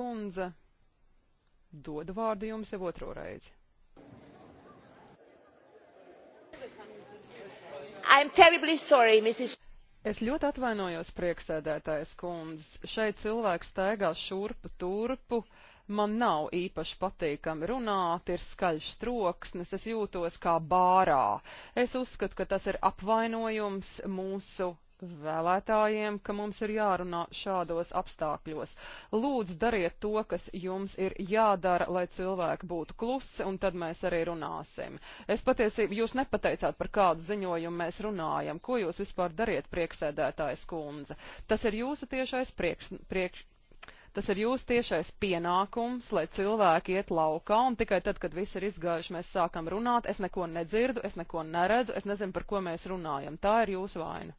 Kundze, dodu vārdu jums jau otro reizi. Sorry, Mrs. Es ļoti atvainojos, prieksēdētājs kundze. Šeit cilvēks staigās šurpu turpu. Man nav īpaši patīkami runāt, ir skaļš troksnis, es jūtos kā bārā. Es uzskatu, ka tas ir apvainojums mūsu vēlētājiem, ka mums ir jārunā šādos apstākļos. Lūdzu, dariet to, kas jums ir jādara, lai cilvēki būtu klusi, un tad mēs arī runāsim. Es patiesībā jūs nepateicāt, par kādu ziņojumu mēs runājam. Ko jūs vispār dariet, prieksēdētājs kundze? Tas ir jūsu tiešais prieks, priekš, Tas ir jūsu tiešais pienākums, lai cilvēki iet laukā, un tikai tad, kad viss ir izgājuši, mēs sākam runāt. Es neko nedzirdu, es neko neredzu, es nezinu, par ko mēs runājam. Tā ir jūsu vaina.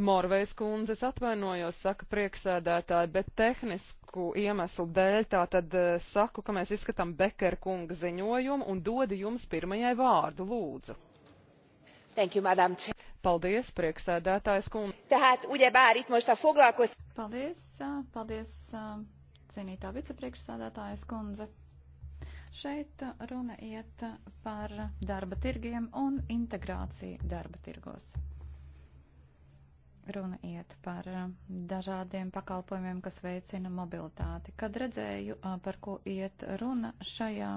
Morvejas kundze, es atvainojos, saka prieksēdētāji, bet tehnisku iemeslu dēļ tā tad eh, saku, ka mēs izskatām Bekera kunga ziņojumu un dodu jums pirmajai vārdu, lūdzu. Thank you, madam. Paldies, prieksēdētājs kundze. Tātad, ugyebár itt most a foglalkoz... Paldies, paldies, cienītā vicepriekšsēdētājas kundze. Šeit runa iet par darba tirgiem un integrāciju darba tirgos. Runa iet par dažādiem pakalpojumiem, kas veicina mobilitāti. Kad redzēju, par ko iet runa šajā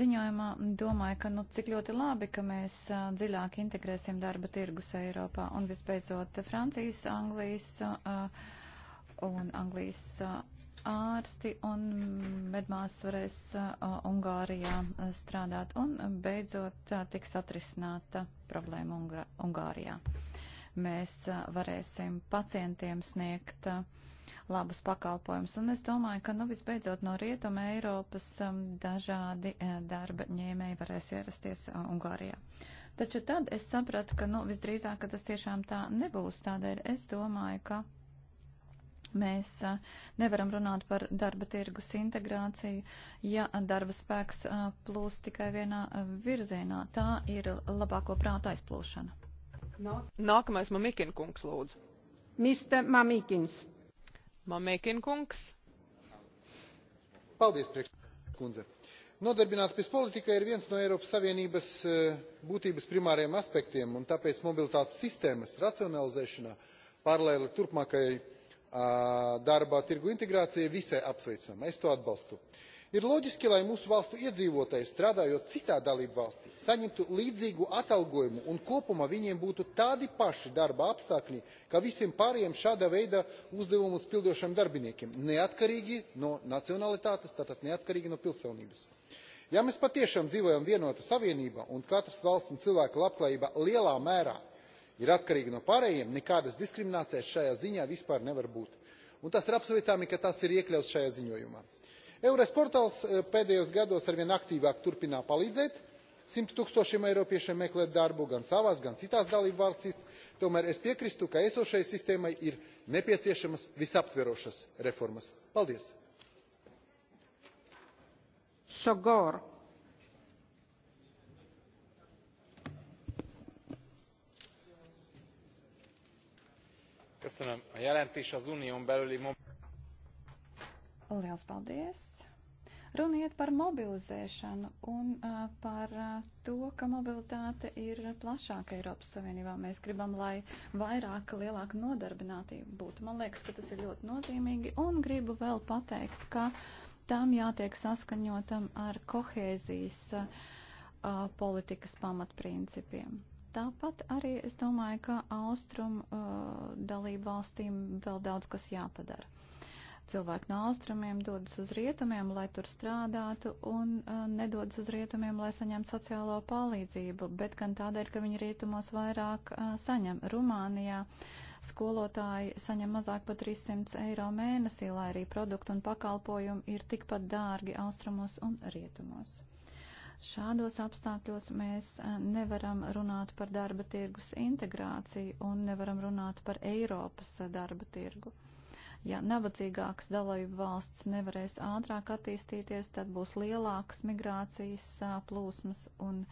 ziņojumā domāju, ka nu, cik ļoti labi, ka mēs a, dziļāk integrēsim darba tirgus Eiropā un visbeidzot Francijas, Anglijas a, un Anglijas a, ārsti un medmās varēs Ungārijā strādāt un beidzot tiks atrisināta problēma Unga Ungārijā. Mēs varēsim pacientiem sniegt labus pakalpojumus. Un es domāju, ka nu visbeidzot no Rietuma Eiropas dažādi darba ņēmēji varēs ierasties Ungārijā. Taču tad es sapratu, ka nu visdrīzāk, ka tas tiešām tā nebūs. Tādēļ es domāju, ka Mēs nevaram runāt par darba tirgus integrāciju, ja darba spēks plūs tikai vienā virzienā. Tā ir labāko prāta aizplūšana. Nākamais Mamikina kungs lūdzu. Mr. Mamikins. Mamikina kungs. Paldies, priekšsēdētāj. Nodarbinātības politika ir viens no Eiropas Savienības e, būtības primāriem aspektiem, un tāpēc mobilitātes sistēmas racionalizēšanā paralēli turpmākajai darba tirgu integrācija visai apsveicama es to atbalstu. ir loģiski lai mūsu valstu iedzīvotāji strādājot citā dalībvalstī saņemtu līdzīgu atalgojumu un kopumā viņiem būtu tādi paši darba apstākļi kā visiem pārējiem šāda veida uzdevumus pildošiem darbiniekiem neatkarīgi no nacionalitātes tātad neatkarīgi no pilsonības. ja mēs patiešām dzīvojam vienotā savienībā un katras valsts un cilvēka labklājība lielā mērā ir atkarīgi no pārējiem, nekādas diskriminācijas šajā ziņā vispār nevar būt. Un tas ir apsveicami, ka tas ir iekļauts šajā ziņojumā. Eures portāls eh, pēdējos gados arvien aktīvāk turpinā palīdzēt simt tūkstošiem eiropiešiem meklēt darbu gan savās, gan citās dalību valstīs. Tomēr es piekrīstu, ka esošai sistēmai ir nepieciešamas visaptverošas reformas. Paldies! Sogor. a jelentés az unión belüli Liels paldies! Runa iet par mobilizēšanu un uh, par uh, to, ka mobilitāte ir plašāka Eiropas Savienībā. Mēs gribam, lai vairāk, lielāka nodarbinātība būtu. Man liekas, ka tas ir ļoti nozīmīgi un gribu vēl pateikt, ka tam jātiek saskaņotam ar kohēzijas uh, politikas pamatprincipiem. Tāpat arī es domāju, ka austrum uh, dalību valstīm vēl daudz kas jāpadara. Cilvēki no austrumiem dodas uz rietumiem, lai tur strādātu, un uh, nedodas uz rietumiem, lai saņemtu sociālo palīdzību, bet gan tādēļ, ka viņi rietumos vairāk uh, saņem. Rumānijā skolotāji saņem mazāk par 300 eiro mēnesī, lai arī produktu un pakalpojumu ir tikpat dārgi austrumos un rietumos. Šādos apstākļos mēs e, nevaram runāt par darba tirgus integrāciju un nevaram runāt par Eiropas e, darba tirgu. Ja nabadzīgāks dalību valsts nevarēs ātrāk attīstīties, tad būs lielākas migrācijas e, plūsmas un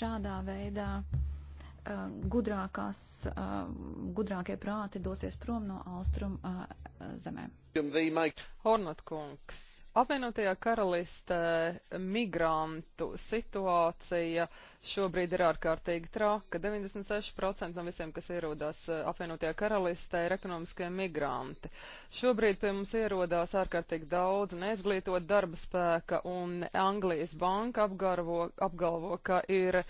šādā veidā gudrākās, gudrākie prāti dosies prom no austrumu zemēm. Hornatkungs Apvienotajā karalistē migrantu situācija šobrīd ir ārkārtīgi traka. 96% no visiem, kas ierodās eh, apvienotajā karalistē, ir ekonomiskie migranti. Šobrīd pie mums ierodās ārkārtīgi daudz neizglītot darba spēka, un Anglijas banka apgarvo, apgalvo, ka ir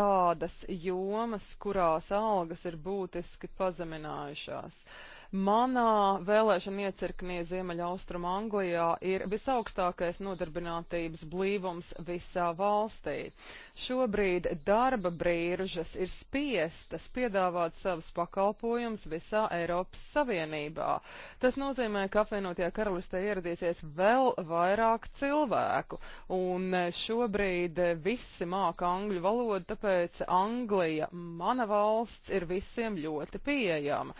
tādas jomas, kurās algas ir būtiski pazeminājušās. Uh, Manā vēlēšana iecirknī Ziemeļaustrum Anglijā ir visaugstākais nodarbinātības blīvums visā valstī. Šobrīd darba brīržas ir spiestas piedāvāt savus pakalpojumus visā Eiropas Savienībā. Tas nozīmē, ka apvienotajā karalistē ieradīsies vēl vairāk cilvēku, un šobrīd visi māka angļu valodu, tāpēc Anglija, mana valsts, ir visiem ļoti pieejama.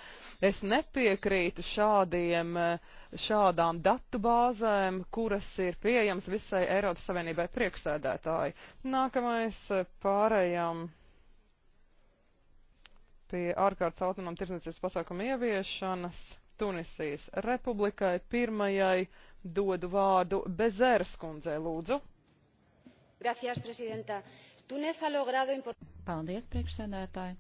Es nepie nepiekrītu šādiem, eh, šādām datu bāzēm, kuras ir pieejams visai Eiropas Savienībai priekšsēdētāji. Nākamais eh, pārējām pie ārkārtas autonomu tirdzniecības pasākumu ieviešanas Tunisijas republikai pirmajai dodu vārdu Bezēras kundzei lūdzu. Gracias, presidenta. Tunis ha logrado Paldies, priekšsēdētāji.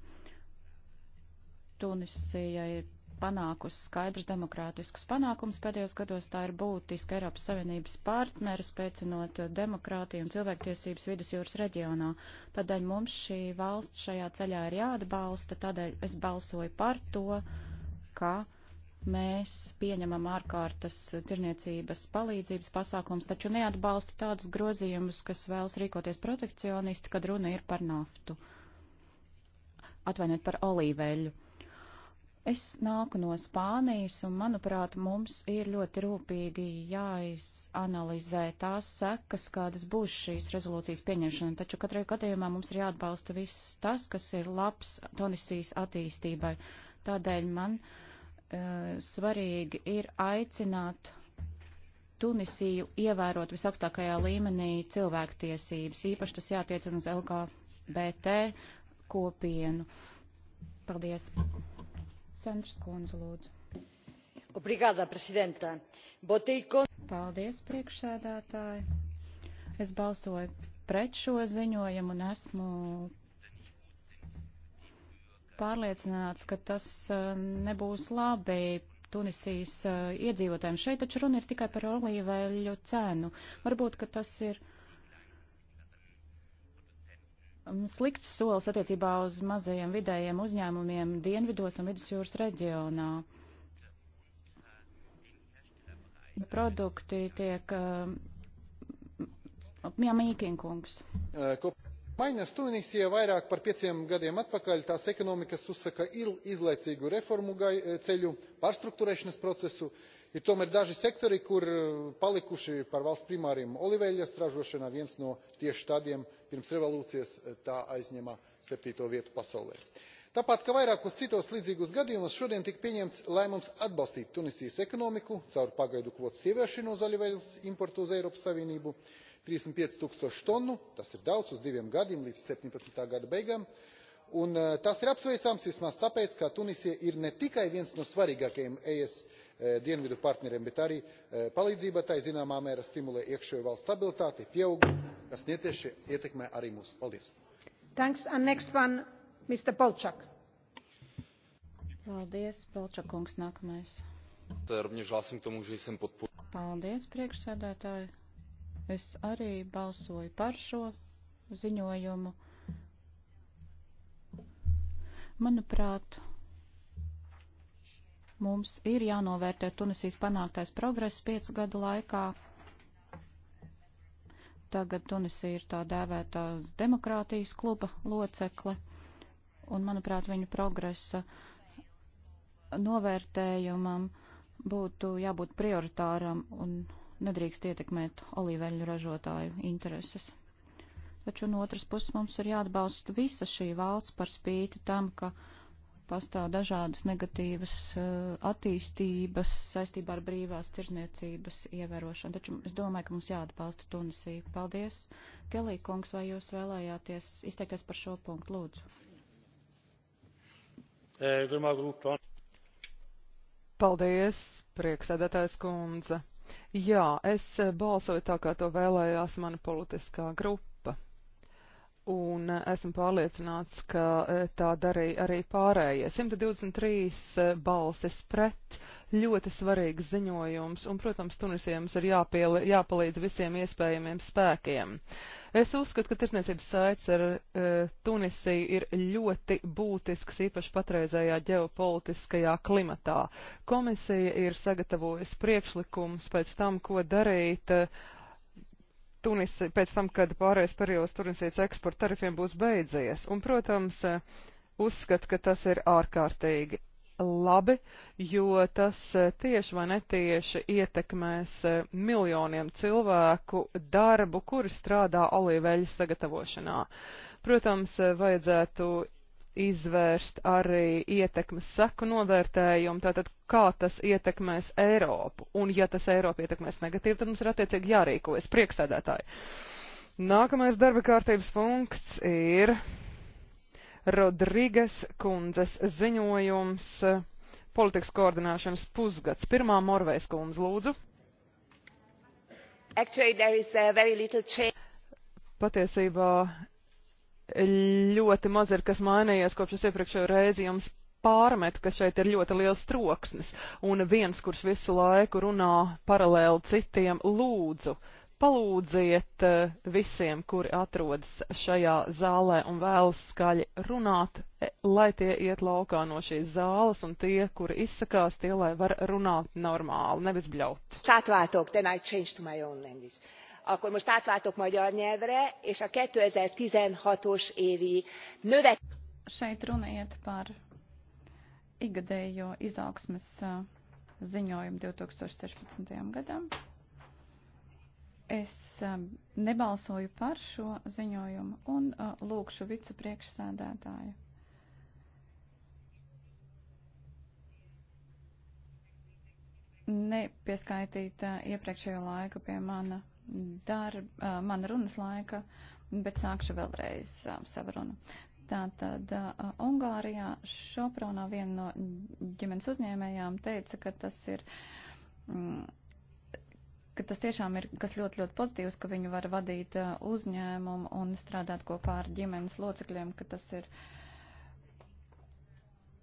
Tunisija ir panākusi skaidrs demokrātiskus panākums pēdējos gados. Tā ir būtiska Eiropas Savienības partneris, spēcinot demokrātiju un cilvēktiesības vidusjūras reģionā. Tādēļ mums šī valsts šajā ceļā ir jāatbalsta, tādēļ es balsoju par to, ka mēs pieņemam ārkārtas tirniecības palīdzības pasākums, taču neatbalsta tādus grozījumus, kas vēlas rīkoties protekcionisti, kad runa ir par naftu. Atvainojiet par olīveļu. Es nāku no Spānijas, un, manuprāt, mums ir ļoti rūpīgi jāizanalizē tās sekas, kādas būs šīs rezolūcijas pieņemšana, taču katrā gadījumā mums ir jāatbalsta viss tas, kas ir labs Tunisijas attīstībai. Tādēļ man e, svarīgi ir aicināt Tunisiju ievērot visaugstākajā līmenī cilvēktiesības, īpaši tas jātiecina uz LGBT kopienu. Paldies! Sandrs Kunze, lūdzu. Obrigada, prezidenta. Botīko. Paldies, priekšsēdētāji. Es balsoju pret šo ziņojumu un esmu pārliecināts, ka tas eh, nebūs labi Tunisijas eh, iedzīvotājiem. Šeit taču runa ir tikai par olīveļu cenu. Varbūt, ka tas ir Um, slikts solis attiecībā uz mazajiem vidējiem uzņēmumiem dienvidos un vidusjūras reģionā. Produkti tiek um, Jā, Mīkinkungs. Uh, Maiņas Tunisija vairāk par pieciem gadiem atpakaļ tās ekonomikas uzsaka il, izlaicīgu reformu gai, ceļu, pārstruktūrēšanas procesu, ir tomēr daži sektori kur eh, palikuši par valsts primāriem oliveļļas ražošanā viens no tieši tādiem pirms revolūcijas eh, tā aizņēma septīto vietu pasaulē. tāpat kā vairākos citos līdzīgos gadījumos šodien tika pieņemts lēmums atbalstīt tunisijas ekonomiku caur pagaidu kvotas ieviešanu uz oliveļļas importu uz eiropas savienību trīsdesmit pieci tūkstoši tonu tas ir daudz uz diviem gadiem līdz septiņpadsmitā gada beigām un eh, tas ir apsveicams vismaz tāpēc ka tunisija ir ne tikai viens no svarīgākajiem es Eh, dienvidu partneriem, bet arī eh, palīdzība tai zināmā mērā stimulē iekšējo valsts stabilitāti, pieaugumu, kas netieši ietekmē arī mūs. Paldies! Thanks, and next one, Mr. Polčak. Paldies, Polčakungs, nākamais. Rovněž hlásím k tomu, že jsem podpor... Paldies, priekšsēdētāji. Es arī balsoju par šo ziņojumu. Manuprāt, Mums ir jānovērtē Tunisijas panāktais progress piecu gadu laikā. Tagad Tunisija ir tā dēvēta demokrātijas kluba locekle, un, manuprāt, viņu progresa novērtējumam būtu jābūt prioritāram un nedrīkst ietekmēt olīveļu ražotāju intereses. Taču no otras puses mums ir jāatbalsta visa šī valsts par spīti tam, ka uh, pastāv dažādas negatīvas eh, attīstības saistībā ar brīvās tirzniecības ievērošanu, taču es domāju, ka mums jāatbalsta Tunisija. Paldies, Gelī kungs, vai jūs vēlējāties izteikties par šo punktu, lūdzu? Paldies, prieksēdētājs kundze. Jā, es balsoju tā, kā to vēlējās mana politiskā grupa un eh, esmu pārliecināts, ka eh, tā darīja arī pārējie. 123 eh, balsis pret, ļoti svarīgs ziņojums, un, protams, Tunisiem ir jāpiel, jāpalīdz visiem iespējamiem spēkiem. Es uzskatu, ka tirsniecības saits ar e, Tunisiju ir ļoti būtisks, īpaši patreizējā ģeopolitiskajā klimatā. Komisija ir sagatavojusi priekšlikums pēc tam, ko darīt. E, Tunis, pēc tam, kad pārējais periods Tunisijas eksporta tarifiem būs beidzies. Un, protams, uzskata, ka tas ir ārkārtīgi labi, jo tas eh, tieši vai netieši ietekmēs eh, miljoniem cilvēku darbu, kuri strādā olīveļu sagatavošanā. Protams, eh, vajadzētu izvērst arī ietekmes seku novērtējumu, tātad kā tas ietekmēs Eiropu. Un ja tas Eiropu ietekmēs negatīvi, tad mums ir attiecīgi jārīkojas prieksēdētāji. Nākamais darba kārtības punkts ir Rodrigas kundzes ziņojums politikas koordināšanas pusgads. Pirmā Morvejas kundze, lūdzu. Actually, uh, Patiesībā ļoti maz ir kas mainījies kopš es iepriekšējo reizi jums pārmetu, ka šeit ir ļoti liels troksnis, un viens, kurš visu laiku runā paralēli citiem, lūdzu, palūdziet eh, visiem, kuri atrodas šajā zālē un vēlas skaļi runāt, e, lai tie iet laukā no šīs zāles, un tie, kuri izsakās, tie, lai var runāt normāli, nevis bļaut. Tātváltok, then I change to my own language akkor most átváltok magyar nyelvre és a two thousand and sixteen os évi növekedési. šeit runa iet par ikgadējo izaugsmes ziņojumu 2016. gadam. Es nebalsoju par šo ziņojumu un lūkšu vicepriekšsēdētāju. Nepieskaitīt iepriekšējo laiku pie mana darba, man runas laika, bet sākšu vēlreiz savu runu. Tātad Ungārijā Šopronā viena no ģimenes uzņēmējām teica, ka tas ir. Mm, ka tas tiešām ir kas ļoti, ļoti pozitīvs, ka viņi var vadīt uzņēmumu un strādāt kopā ar ģimenes locekļiem, ka tas ir uh,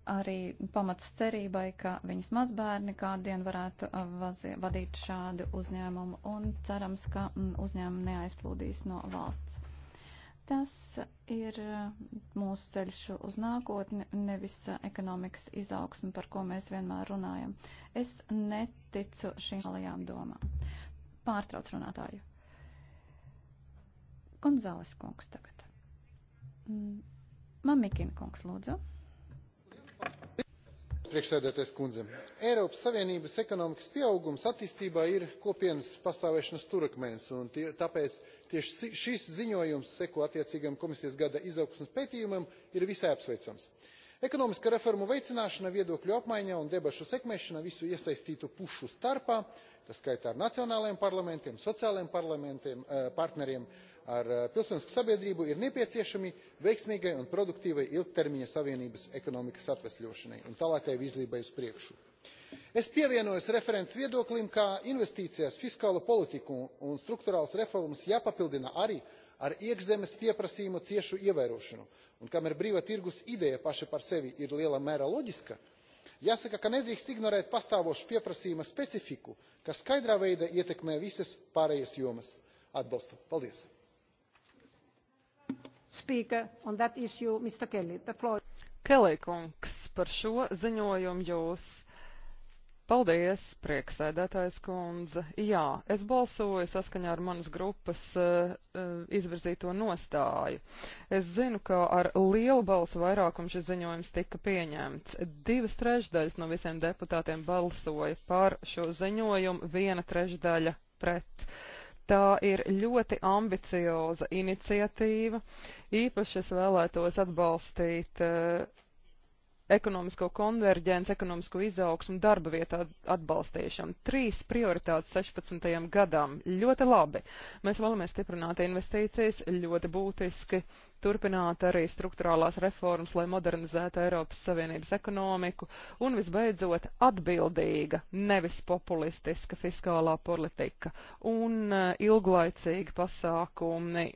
arī pamats cerībai, ka viņas mazbērni kādien varētu vazi, vadīt šādu uzņēmumu un cerams, ka uzņēmumu neaizplūdīs no valsts. Tas ir mūsu ceļš uz nākotni, nevis ekonomikas izaugsmi, par ko mēs vienmēr runājam. Es neticu šīm halajām domām. Pārtrauc runātāju. Gonzāles kungs tagad. Mamikina kungs, lūdzu priekšsēdētājas kundze eiropas savienības ekonomikas pieaugums attīstībā ir kopienas pastāvēšanas stūrakmens un tāpēc tieši šis ziņojums seko attiecīgajam komisijas gada izaugsmes pētījumam ir visai apsveicams. ekonomisko reformu veicināšana viedokļu apmaiņa un debašu sekmēšana visu iesaistīto pušu starpā tā skaitā ar nacionālajiem parlamentiem sociālajiem eh, partneriem ar eh, pilsonisko sabiedrību ir nepieciešami veiksmīgai un produktīvai ilgtermiņa savienības ekonomikas atvesļošanai un tālākai virzībai uz priekšu. es pievienojos referents viedoklim ka investīcijas fiskālo politiku un strukturālas reformas jāpapildina arī ar iekšzemes pieprasījuma ciešu ievērošanu un kamēr brīvā tirgus ideja paša par sevi ir lielā mērā loģiska jāsaka ka nedrīkst ignorēt pastāvošu pieprasījuma specifiku kas skaidrā veidā ietekmē visas pārējās jomas. atbalstu! paldies! speaker on that issue, Mr. Kelly. The floor. Kelly kungs, par šo ziņojumu jūs. Paldies, prieksēdētājs kundze. Jā, es balsoju saskaņā ar manas grupas uh, uh, izvirzīto nostāju. Es zinu, ka ar lielu balsu vairākumu šis ziņojums tika pieņemts. Divas trešdaļas no visiem deputātiem balsoja par šo ziņojumu, viena trešdaļa pret. Uh, Tā ir ļoti ambicioza iniciatīva. Īpaši es vēlētos atbalstīt uh, ekonomisko konverģenci, ekonomisko izaugsmu, darba vietā atbalstīšanu. Trīs prioritātes 16. gadam. Ļoti labi. Mēs vēlamies stiprināt investīcijas, ļoti būtiski turpināt arī struktūrālās reformas, lai modernizētu Eiropas Savienības ekonomiku un visbeidzot atbildīga, nevis populistiska fiskālā politika un eh, ilglaicīgi pasākumi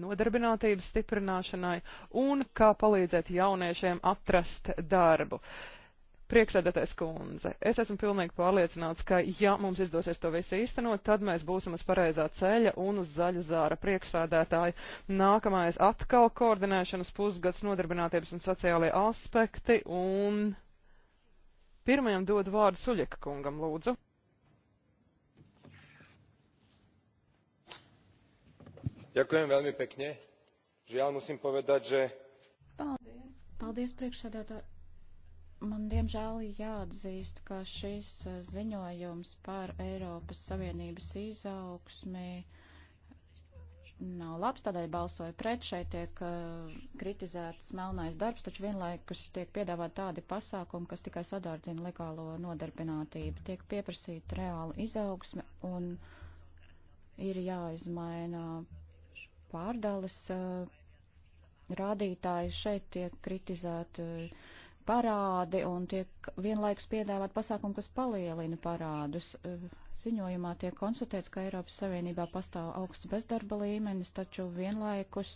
nodarbinātības stiprināšanai un kā palīdzēt jauniešiem atrast darbu darbu. Priekšsēdētājs kundze, es esmu pilnīgi pārliecināts, ka ja mums izdosies to visu īstenot, tad mēs būsim uz pareizā ceļa un uz zaļa zāra priekšsēdētāja. Nākamais atkal koordinēšanas pusgads nodarbinātības un sociālie aspekti un pirmajam dod vārdu Suļeka kungam, lūdzu. Ďakujem veľmi pekne. Žiaľ, musím povedať, že... Paldies. Paldies, priekšsēdētāji. Man diemžēl jāatzīst, ka šis eh, ziņojums par Eiropas Savienības izaugsmi nav labs, tādēļ balsoju pret. Šeit tiek uh, kritizēts melnais darbs, taču vienlaikus tiek piedāvāt tādi pasākumi, kas tikai sadārdzina legālo nodarbinātību. Tiek pieprasīta reāla izaugsme un ir jāizmaina pārdales uh, rādītāji. Šeit tiek kritizēta. Uh, parādi un tiek vienlaikus piedāvāt pasākumu, kas palielina parādus. E, ziņojumā tiek konstatēts, ka Eiropas Savienībā pastāv augsts bezdarba līmenis, taču vienlaikus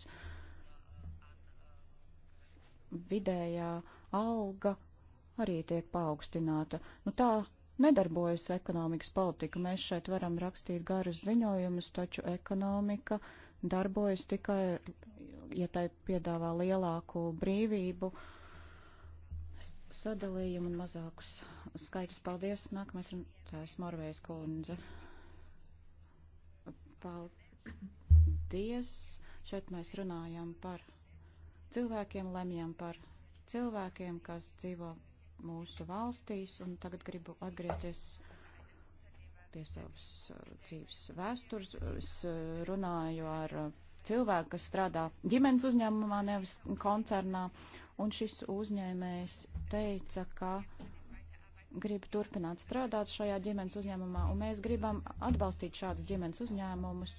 vidējā alga arī tiek paaugstināta. Nu tā nedarbojas ekonomikas politika. Mēs šeit varam rakstīt garus ziņojumus, taču ekonomika darbojas tikai, ja tai piedāvā lielāku brīvību. Uh, sadalījumu un mazākus skaidrs. Paldies. Nākamais runātājs Morvējas kundze. Paldies. Šeit mēs runājam par cilvēkiem, lemjam par cilvēkiem, kas dzīvo mūsu valstīs, un tagad gribu atgriezties pie savas uh, dzīves vēstures. Es uh, runāju ar cilvēku, kas strādā ģimenes uzņēmumā, nevis koncernā. Uh, un šis uzņēmējs teica, ka grib turpināt strādāt šajā ģimenes uzņēmumā, un mēs gribam atbalstīt šādas ģimenes uzņēmumus.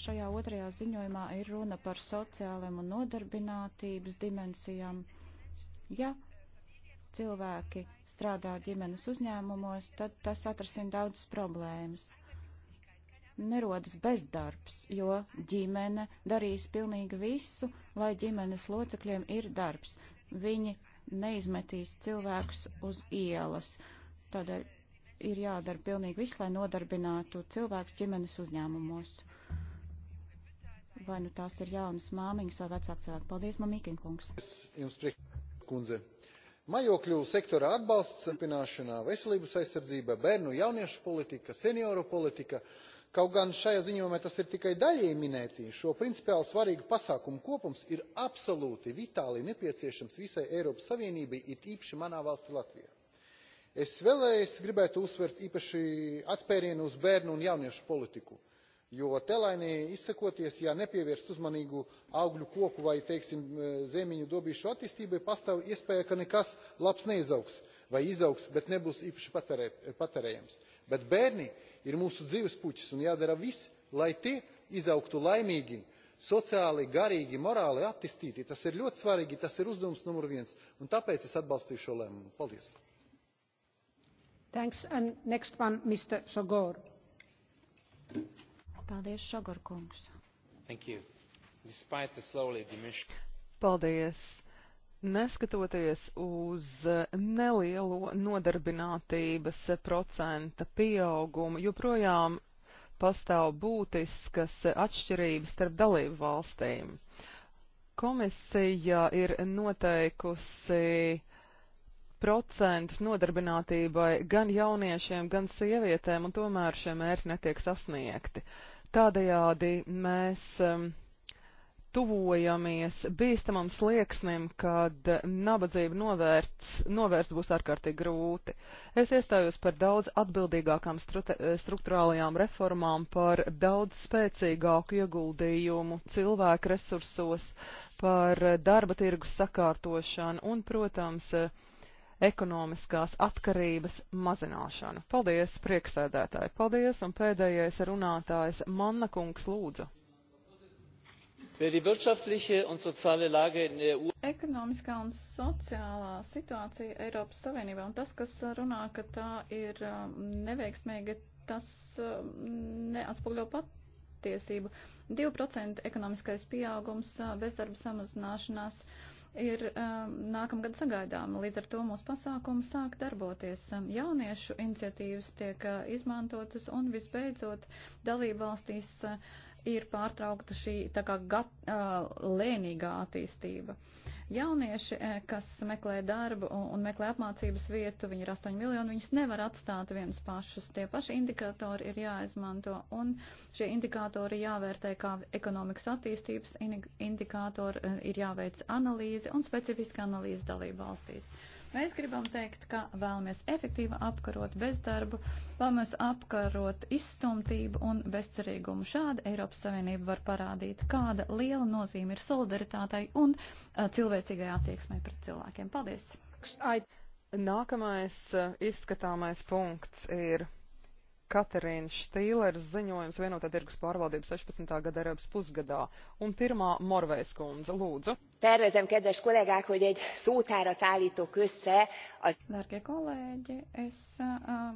Šajā otrajā ziņojumā ir runa par sociāliem un nodarbinātības dimensijām. Ja cilvēki strādā ģimenes uzņēmumos, tad tas atrasina daudzas problēmas nerodas bezdarbs, jo ģimene darīs pilnīgi visu, lai ģimenes locekļiem ir darbs. Viņi neizmetīs cilvēkus uz ielas. Tādēļ ir jādara pilnīgi viss, lai nodarbinātu cilvēkus ģimenes uzņēmumos. Vai nu tās ir jaunas māmiņas vai vecāki cilvēki. Paldies, mamīkinkungs. Jums priekš, kundze. Mājokļu sektora atbalsts, apināšanā, veselības aizsardzība, bērnu jauniešu politika, senioru politika kaut gan šajā ziņojumā tas ir tikai daļēji minēts šo principiāli svarīgu pasākumu kopums ir absolūti vitāli nepieciešams visai eiropas savienībai it īpaši manā valstī latvijā. es vēlreiz gribētu uzsvērt īpaši atspērienu uz bērnu un jauniešu politiku jo tēlāini izsakoties ja nepievērst uzmanību augļu koku vai teiksim e, zemiņu dobīšu attīstībai pastāv iespēja ka nekas labs neizaugs vai izaugs bet nebūs īpaši patērējams bet bērni ir mūsu dzīves puķis un jādara viss lai tie izaugtu laimīgi sociāli garīgi morāli attīstīti tas ir ļoti svarīgi tas ir uzdevums numur viens un tāpēc es atbalstīju šo lēmumu. paldies! Thanks, and next one, Mr. Sogor. Paldies, Sogor kungs. Thank you. Despite the slowly diminishing... Paldies. Neskatoties uz nelielo nodarbinātības procenta pieaugumu, joprojām pastāv būtiskas atšķirības starp dalību valstīm. Komisija ir noteikusi procentus nodarbinātībai gan jauniešiem, gan sievietēm, un tomēr šie mērķi netiek sasniegti. Tādējādi mēs um, tuvojamies bīstamam slieksnim, kad nabadzību novērts, novērst būs ārkārtīgi grūti. Es iestājos par daudz atbildīgākām struktūrālajām reformām, par daudz spēcīgāku ieguldījumu cilvēku resursos, par darba tirgus sakārtošanu un, protams, ekonomiskās atkarības mazināšanu. Paldies, prieksēdētāji! Paldies, un pēdējais runātājs Manna Kungs lūdzu! Ekonomiskā un sociālā situācija Eiropas Savienībā un tas, kas runā, ka tā ir um, neveiksmīga, tas um, neatspogļo patiesību. 2% ekonomiskais pieaugums, uh, bezdarba samazināšanās ir um, nākamgad sagaidām. Līdz ar to mūsu pasākumi sāk darboties. Um, jauniešu iniciatīvas tiek uh, izmantotas un visbeidzot dalību valstīs uh, ir pārtraukta šī tā kā gat, lēnīgā attīstība. Jaunieši, kas meklē darbu un meklē apmācības vietu, viņi ir 8 miljoni, viņus nevar atstāt viens pašus. Tie paši indikatori ir jāizmanto un šie indikatori jāvērtē kā ekonomikas attīstības indikatori, ir jāveic analīze un specifiska analīze dalība valstīs. Mēs gribam teikt, ka vēlamies efektīvi apkarot bezdarbu, vēlamies apkarot izstumtību un bezcerīgumu. Šāda Eiropas Savienība var parādīt, kāda liela nozīme ir solidaritātei un cilvēcīgai attieksmei pret cilvēkiem. Paldies! Nākamais izskatāmais punkts ir Katerīna Štīlers ziņojums vienotā tirgus pārvaldības 16. gada Eiropas pusgadā un pirmā Morvejas kundze. Lūdzu! tervezem kedves kollégák hogy egy szótárat álltok össze az. Darbie kolēģi, es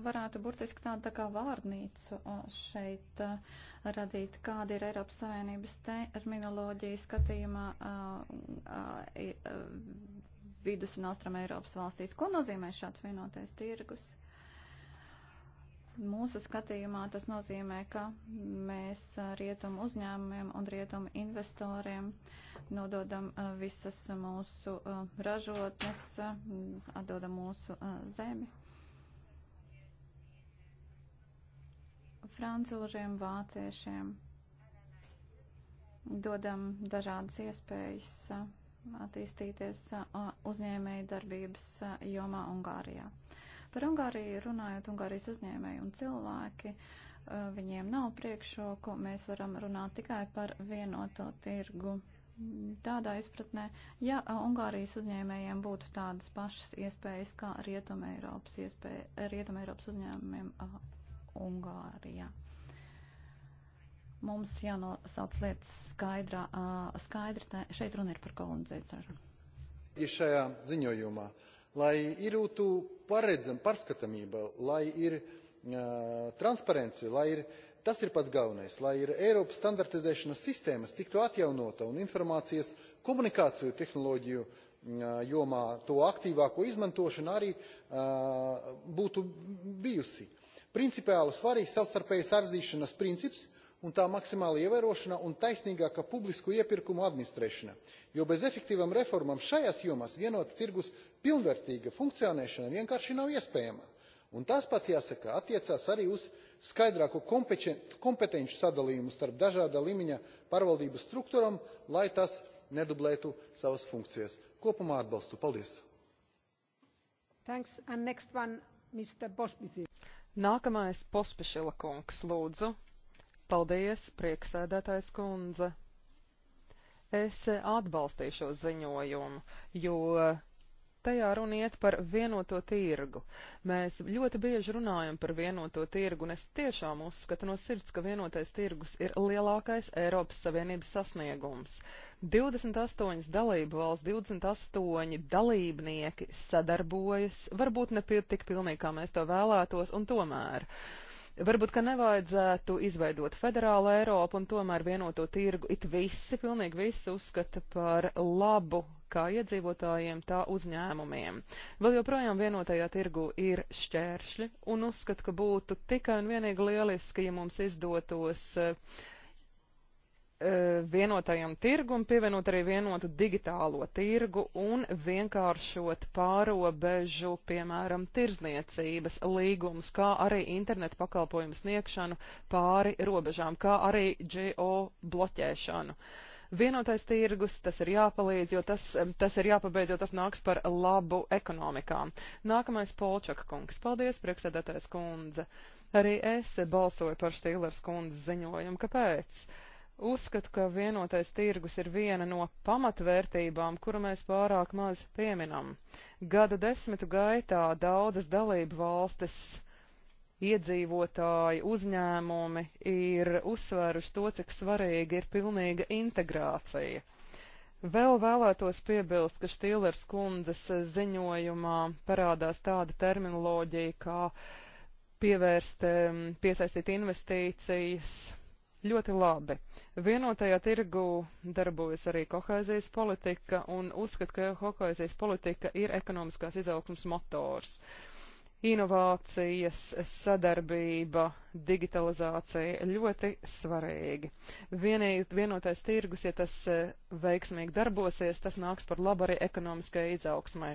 varētu burtiski tādu tā kā vārnīcu šeit radīt, kāda ir Eiropas Savienības terminoloģija skatījumā vidus un austram Eiropas valstīs. Ko nozīmē šāds vienotais tirgus? Mūsu skatījumā tas nozīmē, ka mēs rietumu uzņēmumiem un rietumu investoriem nododam uh, visas mūsu uh, ražotnes, uh, atdodam mūsu zemi. Francūžiem, vāciešiem dodam dažādas iespējas attīstīties uzņēmēju darbības jomā Ungārijā. Par Ungāriju runājot, Ungārijas uzņēmēji un cilvēki, eh, viņiem nav priekšroku, mēs varam runāt tikai par vienoto tirgu. Tādā izpratnē, ja eh, Ungārijas uzņēmējiem būtu tādas pašas iespējas kā Rietuma Eiropas, iespēja, Rietuma Eiropas uzņēmumiem uh, eh, Ungārijā. Mums jānosauc lietas skaidrā, uh, skaidri, tā, šeit runa ir par kolonizēšanu. Ir šajā ziņojumā uh, lai būtu paredzama pārskatāmība, lai ir uh, transparence, lai ir tas ir pats galvenais, lai ir Eiropas standartizēšanas sistēmas tiktu atjaunota un informācijas komunikāciju tehnoloģiju uh, jomā to aktīvāko izmantošana arī uh, būtu bijusi. Principiāli svarīgs savstarpējas atzīšanas princips, un tā maksimāla ievērošana un taisnīgāka publisko iepirkumu administrēšana jo bez efektīvām reformām šajās jomās vienotā tirgus pilnvērtīga funkcionēšana vienkārši nav iespējama un tas pats jāsaka attiecas arī uz skaidrāku kompetenču sadalījumu starp dažāda līmeņa pārvaldības struktūrām lai tās nedublētu savas funkcijas. kopumā atbalstu. paldies! Thanks. And next one, Mr. Pospisil. Nākamais Pospišila kungs, lūdzu. Paldies, prieksēdētājs kundze. Es atbalstīšu šo ziņojumu, jo tajā runa iet par vienoto tirgu. Mēs ļoti bieži runājam par vienoto tirgu, un es tiešām uzskatu no sirds, ka vienotais tirgus ir lielākais Eiropas Savienības sasniegums. 28 dalību valsts, 28 dalībnieki sadarbojas, varbūt ne tik pilnīgi, kā mēs to vēlētos, un tomēr. Uh, Varbūt, ka nevajadzētu izveidot federālu Eiropu un tomēr vienoto tirgu. It visi, pilnīgi visi uzskata par labu kā iedzīvotājiem, tā uzņēmumiem. Vēl joprojām vienotajā tirgu ir šķēršļi un uzskatu, ka būtu tikai un vienīgi lieliski, ja mums izdotos uh, E, vienotajam tirgum, pievienot arī vienotu digitālo tirgu un vienkāršot pārobežu, piemēram, tirzniecības līgumus, kā arī internetu pakalpojumu sniegšanu pāri robežām, kā arī GO bloķēšanu. Vienotais tirgus, tas ir jāpalīdz, jo tas, tas ir jāpabeidz, jo tas nāks par labu ekonomikām. Nākamais Polčaka kungs. Paldies, priekšsēdētājs kundze. Arī es balsoju par Stīlers kundzes ziņojumu. Kāpēc? Uh, Uzskatu, ka vienotais tirgus ir viena no pamatvērtībām, kuru mēs pārāk maz pieminam. Gada desmitu gaitā daudzas dalību valstis iedzīvotāji, uzņēmumi ir uzsvēruši to, cik svarīga ir pilnīga integrācija. Vēl vēlētos piebilst, ka Štīlers kundzes ziņojumā parādās tāda terminoloģija, kā pievērst, mm, piesaistīt investīcijas, Ļoti labi. Vienotajā tirgu darbojas arī kohēzijas politika un uzskat, ka kohēzijas politika ir ekonomiskās izaugsmas motors. Inovācijas, sadarbība, digitalizācija ļoti svarīgi. Vienīgi vienotais tirgus, ja tas e, veiksmīgi darbosies, tas nāks par labu arī ekonomiskajai izaugsmai.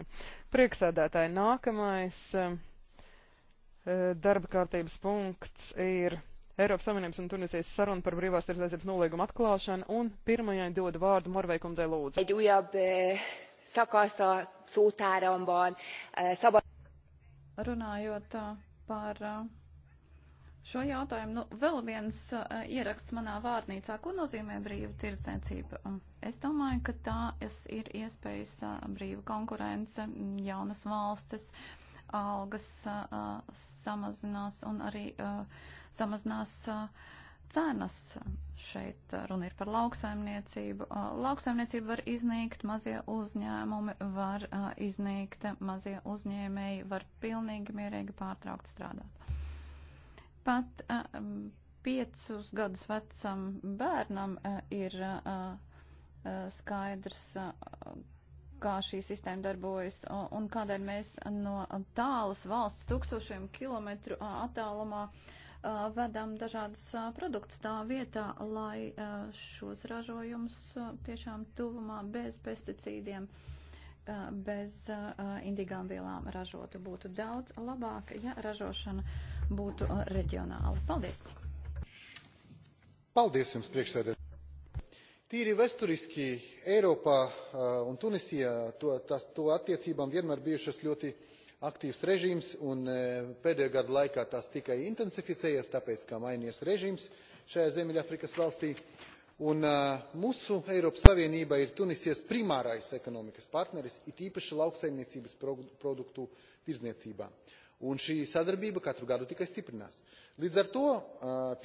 Prieksēdētāji nākamais e, e, darba kārtības punkts ir Eiropas Savienības un Tunisijas saruna par brīvās tirdzniecības nolīgumu atklāšanu, un pirmajai dodu vārdu Morvei kundzei lūdzu. Egy újabb szakasz a szótáramban. Szabad... Runājot par šo jautājumu, nu, vēl viens ieraksts manā vārnīcā, ko nozīmē brīva tirdzniecība. Es domāju, ka tās ir iespējas brīva konkurence, jaunas valstis, algas samazinās un arī uh, samazinās cenas. Šeit runa ir par lauksaimniecību. Lauksaimniecība var iznīkt, mazie uzņēmumi var iznīkt, mazie uzņēmēji var pilnīgi mierīgi pārtraukt strādāt. Pat piecus gadus vecam bērnam ir skaidrs, kā šī sistēma darbojas un kādēļ mēs no tālas valsts tūkstošiem kilometru attālumā uh, vedam dažādus produktus tā vietā, lai šos ražojumus tiešām tuvumā bez pesticīdiem, bez indīgām vielām ražotu. Būtu daudz labāk, ja ražošana būtu reģionāla. Paldies! Paldies jums, priekšsēdētāji! Tīri vēsturiski Eiropā un Tunisijā to, tas, to attiecībām vienmēr bijušas ļoti uh, aktīvs režīms un e, pēdējo gadu laikā tas tikai intensificējies tāpēc ka mainījies režīms šajā ziemeļafrikas valstī un e, mūsu eiropas savienība ir tunisijas primārais ekonomikas partneris it īpaši lauksaimniecības produktu tirdzniecībā un šī sadarbība katru gadu tikai stiprinās. Līdz ar to e,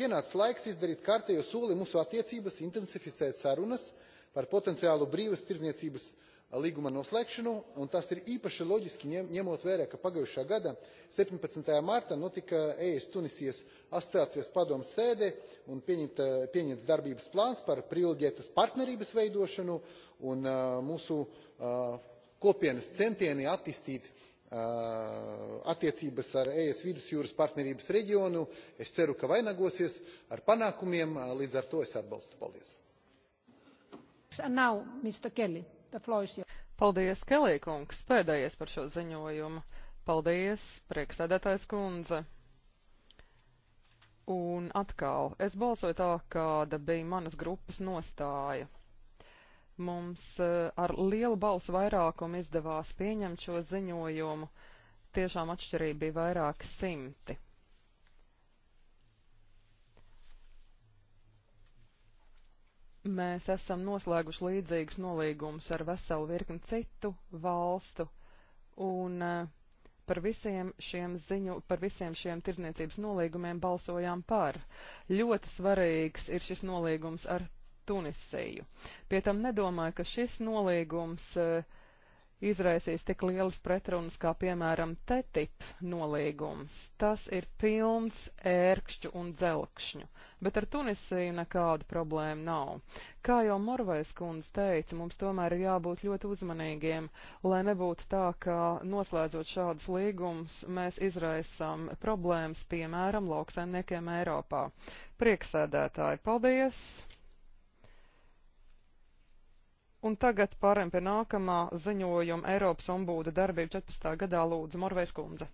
pienācis laiks izdarīt kārtējo soli mūsu attiecības, intensificēt sarunas par potenciālu brīvas tirdzniecības līguma noslēgšanu, un tas ir īpaši loģiski ņem, ņemot vērā, ka pagājušā gada 17. martā notika ES Tunisijas asociācijas padomas sēde un pieņemta, pieņemts darbības plāns par privileģētas partnerības veidošanu un uh, mūsu uh, kopienas centieni attīstīt attiecības ar ES vidusjūras partnerības reģionu. Es ceru, ka vainagosies ar panākumiem, līdz ar to es atbalstu. Paldies! And now, Mr. Kelly. Paldies, Kelīkungs, pēdējais par šo ziņojumu. Paldies, prieksēdētājs kundze. Un atkal, es balsoju tā, kāda bija manas grupas nostāja. Mums eh, ar lielu balsu vairākumu izdevās pieņemt šo ziņojumu. Tiešām atšķirība bija vairāki simti. mēs esam noslēguši līdzīgus nolīgumus ar veselu virkni citu valstu, un eh, par visiem šiem ziņu, par visiem šiem tirzniecības nolīgumiem balsojām par. Ļoti svarīgs ir šis nolīgums ar Tunisiju. Pie tam nedomāju, ka šis nolīgums uh, izraisīs tik lielas pretrunas kā, piemēram, TTIP nolīgums. Tas ir pilns ērkšķu un dzelkšņu, bet ar Tunisiju nekāda problēma nav. Kā jau Morvais kundze teica, mums tomēr ir jābūt ļoti uzmanīgiem, lai nebūtu tā, ka noslēdzot šādus līgumus, mēs izraisām problēmas, piemēram, lauksaimniekiem Eiropā. Prieksēdētāji, paldies! Un tagad pāriem pie nākamā ziņojuma Eiropas ombūda darbību 14. gadā lūdzu Morvejs kundze.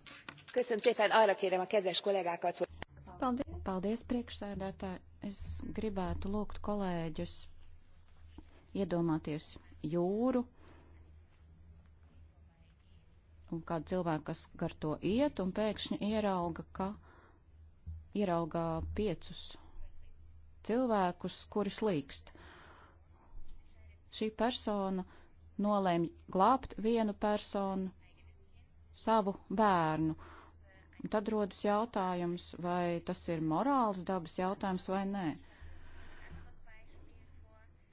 Köszönöm szépen, arra kérem a kedves kollégákat, hogy... Paldies, Paldies priekšsēdētāji. Es gribētu lūgt kolēģus iedomāties jūru un kādu cilvēku, kas gar to iet un pēkšņi ierauga, ka ieraugā piecus cilvēkus, kuri slīkst. Uh, šī persona nolēma glābt vienu personu, savu bērnu. Un tad rodas jautājums, vai tas ir morāls dabas jautājums vai nē.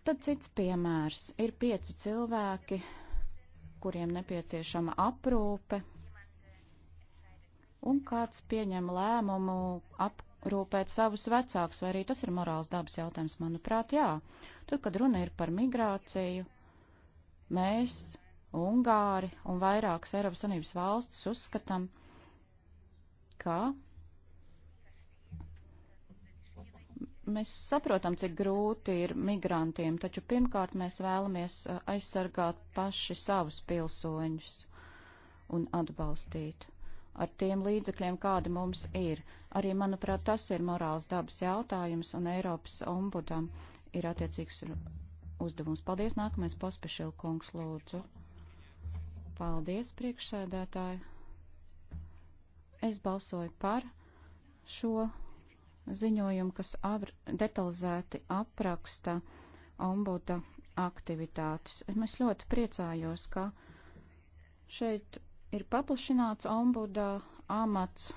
Tad cits piemērs. Ir pieci cilvēki, kuriem nepieciešama aprūpe, un kāds pieņem lēmumu, ap aprūpēt savus vecākus, vai arī tas ir morāls dabas jautājums, manuprāt, jā. Tad, kad runa ir par migrāciju, mēs, Ungāri un vairākas Eiropas Sanības valstis uzskatām, ka mēs saprotam, cik grūti ir migrantiem, taču pirmkārt mēs vēlamies aizsargāt paši savus pilsoņus un atbalstīt ar tiem līdzekļiem, kādi mums ir. Arī, manuprāt, tas ir morāls dabas jautājums, un Eiropas ombudam ir attiecīgs uzdevums. Paldies, nākamais pospešil kungs, lūdzu. Paldies, priekšsēdētāji. Es balsoju par šo ziņojumu, kas detalizēti apraksta ombuda aktivitātes. Un es ļoti priecājos, ka šeit ir paplašināts ombuda amats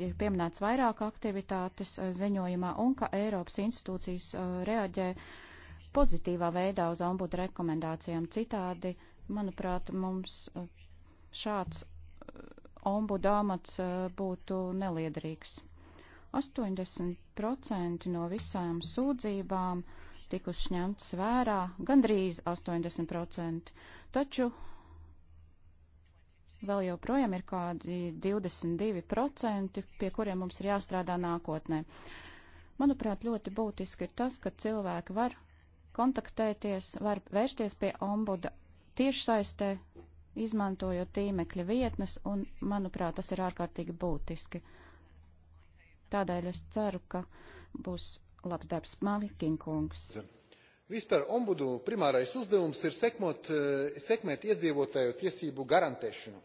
tiek pieminēts vairāk aktivitātes eh, ziņojumā un ka Eiropas institūcijas eh, reaģē pozitīvā veidā uz ombudu rekomendācijām. Citādi, manuprāt, mums eh, šāds ombudu amats būtu neliederīgs. 80% no visām sūdzībām tikuši ņemts vērā, gandrīz 80%, taču vēl joprojām ir kādi 22%, pie kuriem mums ir jāstrādā nākotnē. Manuprāt, ļoti būtiski ir tas, ka cilvēki var kontaktēties, var vērsties pie ombuda tiešsaistē, izmantojot tīmekļa vietnes, un, manuprāt, tas ir ārkārtīgi būtiski. Tādēļ es ceru, ka būs labs darbs Mārkinkungs. Zem vispār ombudu primārais uzdevums ir sekmot, eh, sekmēt iedzīvotāju tiesību garantēšanu.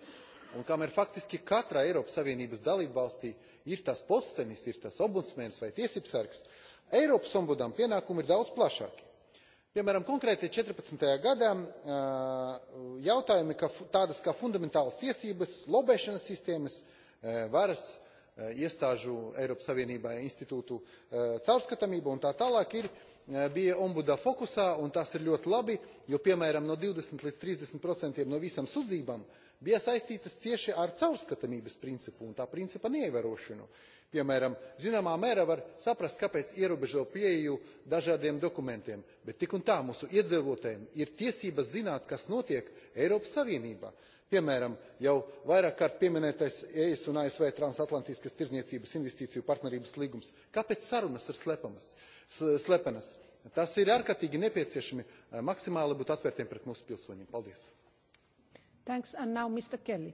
Un kamēr faktiski katrā Eiropas Savienības dalībvalstī ir tas postenis, ir tas ombudsmens vai tiesībsargs, Eiropas ombudam pienākumi ir daudz plašāki. Piemēram, konkrēti 14. gadā eh, jautājumi, ka tādas kā fundamentālas tiesības, lobēšanas sistēmas, eh, varas iestāžu Eiropas Savienībā institūtu caurskatāmība un tā tālāk ir Eh, bija ombuda fokusā un tas ir ļoti labi jo piemēram no divdesmit līdz trīsdesmit no visām sūdzībām bija saistītas tieši ar caurskatāmības principu un tā principa neievērošanu. piemēram zināmā mērā var saprast kāpēc ierobežo pieeju dažādiem dokumentiem bet tik un tā mūsu iedzīvotājiem ir tiesības zināt kas notiek eiropas savienībā piemēram jau vairāk kārt pieminētais es un asv transatlantiskās tirdzniecības investīciju partnerības līgums kāpēc sarunas ir slepenas? slepenas. Tas ir ārkārtīgi nepieciešami eh, maksimāli būt atvērtiem pret mūsu pilsoņiem. Paldies! Thanks, and now Mr. Kelly.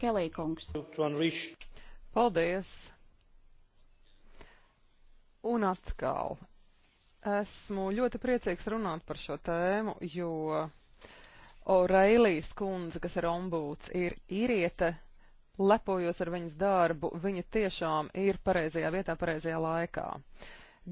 Kelly kungs. Paldies! Un atkal. Esmu ļoti priecīgs runāt par šo tēmu, jo Oreilijas kundze, kas ir ombuds, ir īriete lepojos ar viņas darbu, viņa tiešām ir pareizajā vietā, pareizajā laikā.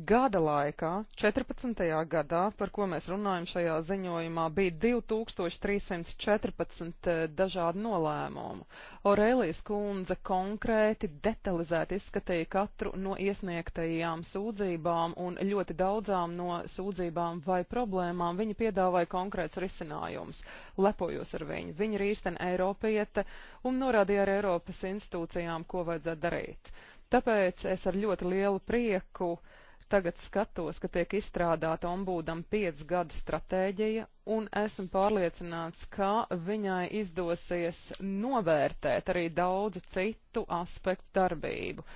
Gada laikā, 14. gadā, par ko mēs runājam šajā ziņojumā, bija 2314 eh, dažādu nolēmumu. Aurēlijas kundze konkrēti detalizēti izskatīja katru no iesniegtajām sūdzībām un ļoti daudzām no sūdzībām vai problēmām. Viņa piedāvāja konkrēts risinājums. Lepojos ar viņu. Viņa ir īstena Eiropieta un norādīja ar Eiropas institūcijām, ko vajadzētu darīt. Tāpēc es ar ļoti lielu prieku uh, Tagad skatos, ka tiek izstrādāta ombūdam 5 gadu stratēģija, un esmu pārliecināts, ka viņai izdosies novērtēt arī daudzu citu aspektu darbību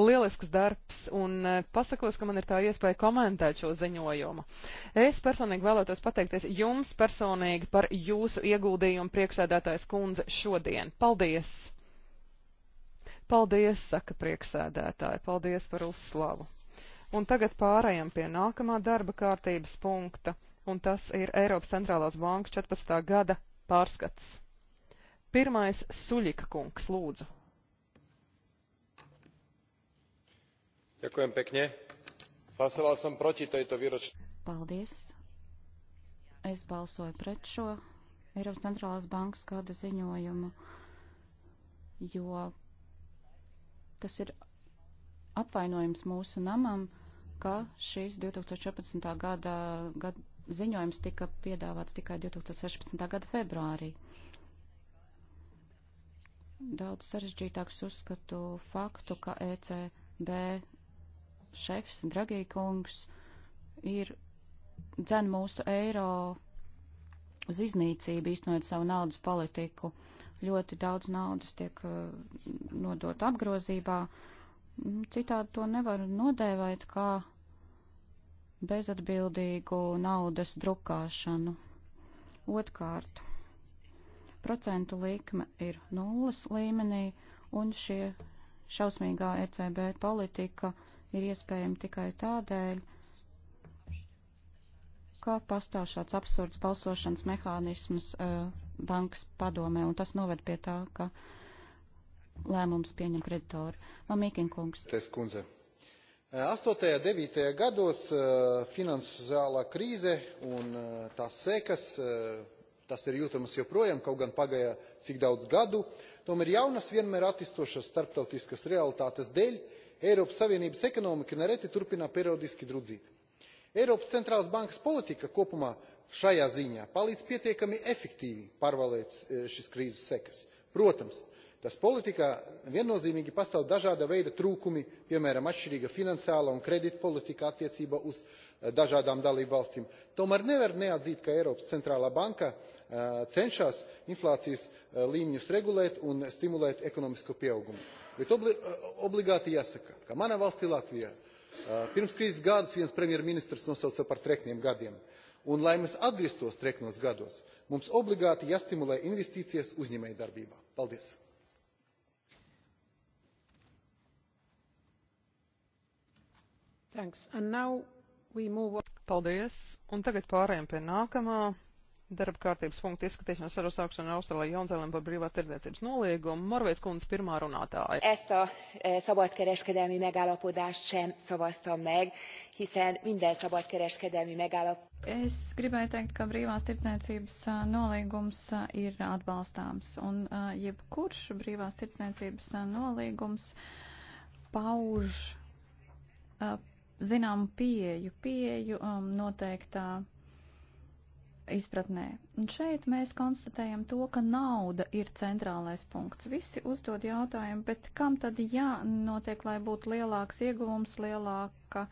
lielisks darbs un e, pasakos, ka man ir tā iespēja komentēt šo ziņojumu. Es personīgi vēlētos pateikties jums personīgi par jūsu ieguldījumu priekšsēdētājs kundze šodien. Paldies! Paldies, saka priekšsēdētāji. Paldies par uzslavu. Un tagad pārējām pie nākamā darba kārtības punkta, un tas ir Eiropas centrālās bankas 14. gada pārskats. Pirmais Suļika kungs, lūdzu. Ďakujem pekne. Hlasoval som proti tejto výročnej. Paldies. Es balsoju pret šo Eiropas centrālās bankas gada ziņojumu, jo tas ir apvainojums mūsu namam ka šis 2014. gada gad, ziņojums tika piedāvāts tikai 2016. gada februārī. Daudz sarežģītāks uzskatu faktu, ka ECB šefs Dragīkungs ir dzen mūsu eiro uz iznīcību, īstenojot savu naudas politiku. Ļoti daudz naudas tiek eh, nodot apgrozībā. Nu, citādi to nevar nodēvēt kā bezatbildīgu naudas drukāšanu. Otkārt, procentu likme ir nulles līmenī, un šie šausmīgā ECB politika ir iespējama tikai tādēļ, ka pastāv šāds absurds balsošanas mehānisms uh, eh, bankas padomē, un tas noved pie tā, ka lēmums pieņem kreditori. Mamīkinkungs. Tes kundze astotajā devītajā gados eh, finansiālā krīze un eh, tās sekas eh, tas ir jūtamas joprojām kaut gan pagāja cik daudz gadu tomēr jaunas vienmēr attīstošās starptautiskas realitātes dēļ eiropas savienības ekonomika nereti turpina periodiski drudzīt. eiropas centrālās bankas politika kopumā šajā ziņā palīdz pietiekami efektīvi pārvarēt šīs krīzes sekas. protams tas politikā viennozīmīgi pastāv dažāda veida trūkumi piemēram atšķirīga finansiālā un kredītpolitika attiecībā uz eh, dažādām dalībvalstīm tomēr nevar neatzīt ka eiropas centrālā banka eh, cenšas inflācijas eh, līmeņus regulēt un stimulēt ekonomisko pieaugumu bet obligāti jāsaka ka manā valstī latvijā pirms krīzes gadus viens premjerministrs nosauca par trekniem gadiem un lai mēs atgrieztos treknos gados mums obligāti jāstimulē investīcijas uzņēmējdarbībā. paldies! Paldies! Un tagad pārējām pie nākamā darba kārtības punkta izskatīšanas ar uzsākšanu Austrāliju Jaunzēlēm par brīvās tirdzniecības noliegumu. Marvēts kundze pirmā runātāja. Ezt a e, szabadkereskedelmi megállapodást sem szavaztam meg, hiszen minden szabadkereskedelmi megállapodás. Es gribēju teikt, ka brīvās tirdzniecības e, nolīgums e, ir atbalstāms, un jebkurš brīvās tirdzniecības nolīgums pauž zinām pieju, pieju um, noteiktā izpratnē. Un šeit mēs konstatējam to, ka nauda ir centrālais punkts. Visi uzdod jautājumu, bet kam tad jānotiek, lai būtu lielāks ieguvums, lielāka,